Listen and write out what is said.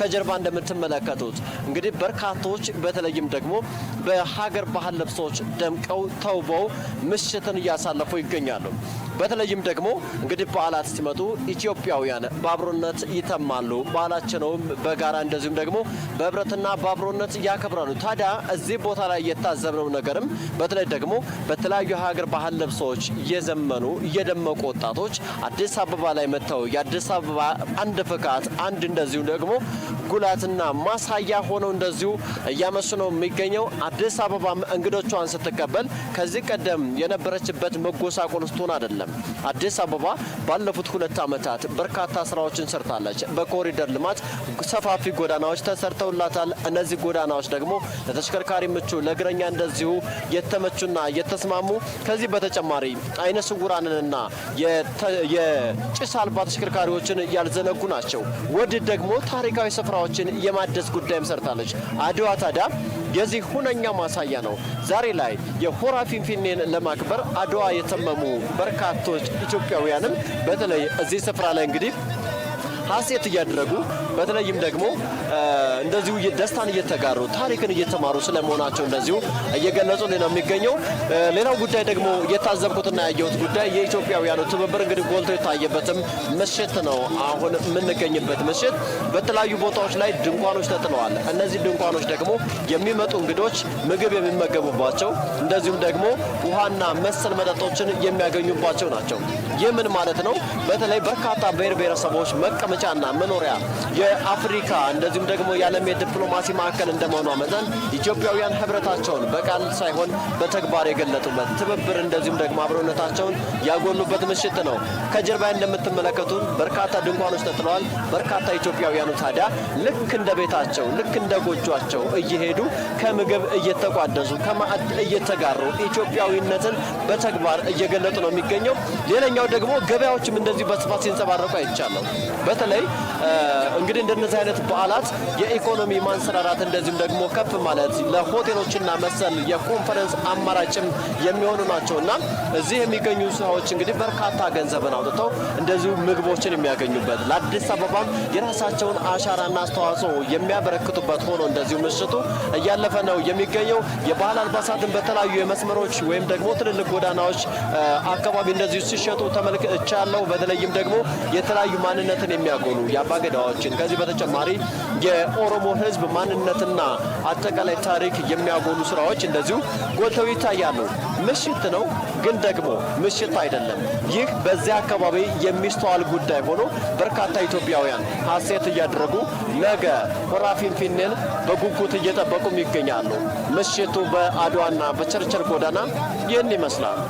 ከጀርባ እንደምትመለከቱት እንግዲህ በርካቶች በተለይም ደግሞ በሀገር ባህል ልብሶች ደምቀው ተውበው ምሽትን እያሳለፉ ይገኛሉ። በተለይም ደግሞ እንግዲህ በዓላት ሲመጡ ኢትዮጵያውያን በአብሮነት ይተማሉ። በዓላቸውንም በጋራ እንደዚሁም ደግሞ በህብረትና በአብሮነት ያከብራሉ። ታዲያ እዚህ ቦታ ላይ የታዘብነው ነገርም በተለይ ደግሞ በተለያዩ ሀገር ባህል ልብሶች እየዘመኑ እየደመቁ ወጣቶች አዲስ አበባ ላይ መጥተው የአዲስ አበባ አንድ ፍካት አንድ እንደዚሁ ደግሞ ጉላትና ማሳያ ሆነው እንደዚሁ እያመሱ ነው የሚገኘው። አዲስ አበባም እንግዶቿን ስትቀበል ከዚህ ቀደም የነበረችበት መጎሳቆል ስትሆን አይደለም። አዲስ አበባ ባለፉት ሁለት ዓመታት በርካታ ስራዎችን ሰርታለች። በኮሪደር ልማት ሰፋፊ ጎዳናዎች ተሰርተውላታል። እነዚህ ጎዳናዎች ደግሞ ለተሽከርካሪ ምቹ፣ ለእግረኛ እንደዚሁ የተመቹና የተስማሙ ከዚህ በተጨማሪ አይነ ስውራንንና የጭስ አልባ ተሽከርካሪዎችን ያልዘነጉ ናቸው። ወዲህ ደግሞ ታሪካዊ ስፍራዎችን የማደስ ጉዳይም ሰርታለች። አድዋ ታዲያ የዚህ ሁነኛ ማሳያ ነው። ዛሬ ላይ የሆራ ፊንፊኔን ለማክበር አድዋ የተመሙ በርካቶች ኢትዮጵያውያንም በተለይ እዚህ ስፍራ ላይ እንግዲህ ሀሴት እያደረጉ በተለይም ደግሞ እንደዚሁ ደስታን እየተጋሩ ታሪክን እየተማሩ ስለመሆናቸው እንደዚሁ እየገለጹ ነው የሚገኘው። ሌላው ጉዳይ ደግሞ የታዘብኩትና ያየሁት ጉዳይ የኢትዮጵያውያኑ ትብብር እንግዲህ ጎልቶ የታየበትም ምሽት ነው። አሁን የምንገኝበት ምሽት በተለያዩ ቦታዎች ላይ ድንኳኖች ተጥለዋል። እነዚህ ድንኳኖች ደግሞ የሚመጡ እንግዶች ምግብ የሚመገቡባቸው እንደዚሁም ደግሞ ውሃና መሰል መጠጦችን የሚያገኙባቸው ናቸው። ይህ ምን ማለት ነው? በተለይ በርካታ ብሔር ብሔረሰቦች መቀመጫ መቀመጫና መኖሪያ የአፍሪካ እንደዚሁም ደግሞ የዓለም የዲፕሎማሲ ማዕከል እንደመሆኗ መጠን ኢትዮጵያውያን ህብረታቸውን በቃል ሳይሆን በተግባር የገለጡበት ትብብር እንደዚሁም ደግሞ አብሮነታቸውን ያጎሉበት ምሽት ነው። ከጀርባ እንደምትመለከቱን በርካታ ድንኳኖች ተጥለዋል። በርካታ ኢትዮጵያውያኑ ታዲያ ልክ እንደ ቤታቸው ልክ እንደ ጎጇቸው እየሄዱ ከምግብ እየተቋደሱ ከማዕድ እየተጋሩ ኢትዮጵያዊነትን በተግባር እየገለጡ ነው የሚገኘው። ሌላኛው ደግሞ ገበያዎችም እንደዚሁ በስፋት ሲንጸባረቁ አይቻለሁ። በተለይ እንግዲህ እንደነዚህ አይነት በዓላት የኢኮኖሚ ማንሰራራት እንደዚሁም ደግሞ ከፍ ማለት ለሆቴሎችና መሰል የኮንፈረንስ አማራጭም የሚሆኑ ናቸው እና እዚህ የሚገኙ ሰዎች እንግዲህ በርካታ ገንዘብን አውጥተው እንደዚሁ ምግቦችን የሚያገኙበት ለአዲስ አበባም የራሳቸውን አሻራና አስተዋጽኦ የሚያበረክቱበት ሆኖ እንደዚሁ ምሽቱ እያለፈ ነው የሚገኘው። የባህል አልባሳትን በተለያዩ የመስመሮች ወይም ደግሞ ትልልቅ ጎዳናዎች አካባቢ እንደዚሁ ሲሸጡ ተመልክቻለሁ። በተለይም ደግሞ የተለያዩ ማንነትን የሚያ የሚያጎሉ የአባገዳዎችን ከዚህ በተጨማሪ የኦሮሞ ህዝብ ማንነትና አጠቃላይ ታሪክ የሚያጎሉ ስራዎች እንደዚሁ ጎልተው ይታያሉ። ምሽት ነው፣ ግን ደግሞ ምሽት አይደለም። ይህ በዚያ አካባቢ የሚስተዋል ጉዳይ ሆኖ በርካታ ኢትዮጵያውያን ሀሴት እያደረጉ ነገ ሆራ ፊንፊኔን በጉጉት እየጠበቁም ይገኛሉ። ምሽቱ በአድዋና በቸርቸር ጎዳና ይህን ይመስላል።